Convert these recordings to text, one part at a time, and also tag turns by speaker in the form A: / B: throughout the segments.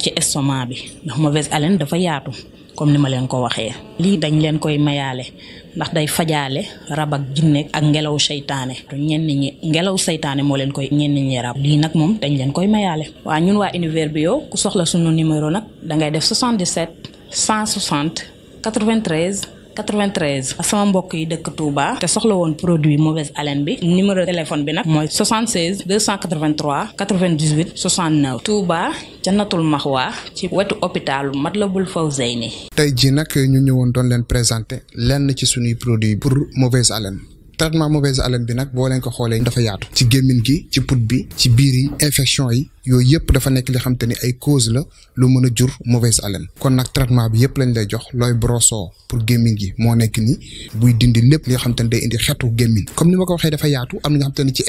A: ci estomac bi ndax mauvaise haleine dafa yaatu comme ni ma leen ko waxee. lii dañ leen koy mayaale ndax day fajaale rab ak jinne ak ngelaw seytaane ñenn ñi ngelaw seytaane moo leen koy ñenn ñi rab lii nag moom dañ leen koy mayaale. waa ñun waa univers bio ku soxla sunu numéro nag da ngay def 77 160 93. 93 sama mbokk yi dëkk Touba te soxla woon produit mauvaise haleine bi numéro téléphone bi nag mooy 76 283 98 69 Touba Jannatul Maxwa ci wetu hôpitalu Matlaboul Fawzeyni.
B: tey jii nag ñu ñëwoon doon leen présenter lenn ci suñuy produit pour mauvaise haleine. traitement mauvaise haleine bi nag boo leen ko xoolee dafa yaatu ci gémmiñ gi ci put bi ci biir infection yi yooyu yëpp dafa nekk li xam te ni ay cause la lu mën a jur mauvaise haleine kon nag traitement bi yëpp lañ lay jox looy broso pour gémmiñ gi moo nekk ni buy dindi lépp li nga xam te day indi xetu gémmiñ comme ni ma ko waxee dafa yaatu am na nga xam te ci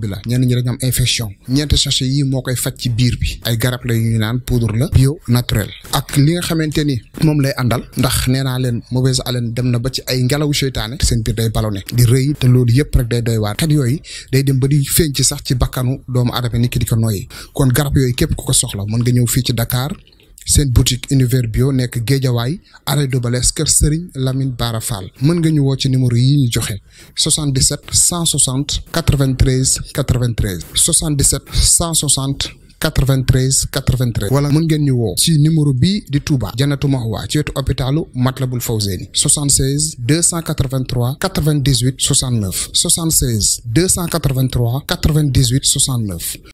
B: bi la ñenn ñi dañu am infection ñeenti sachet yi moo koy faj ci biir bi ay garab la yu ñu naan poudre la bio naturel ak li nga xamante ni moom lay àndal ndax nee naa leen mauvaise haleine dem na ba ci ay ngelaw seytaane seen biir day ballonné di rëy te loolu yëpp rek day doy waar xet yooyu day ba di feeñ ci sax ci bakkanu doomu aadama ni ki di kon garab yoy kep ko ko soxla mën nga ñew fi ci Dakar sen boutique univers bio nekk Géejawaay arrêt de Balès ker Serigne Lamine Bara Fall mën nga ñu wo ci numéro yi ñu 77 160 93 93 77 160 93 93 wala mën ngeen ñu wo ci numéro bi di Touba Janatu Mahwa ci wetu hôpitalu Fawzeni 76 283 98 69 76 283 98 69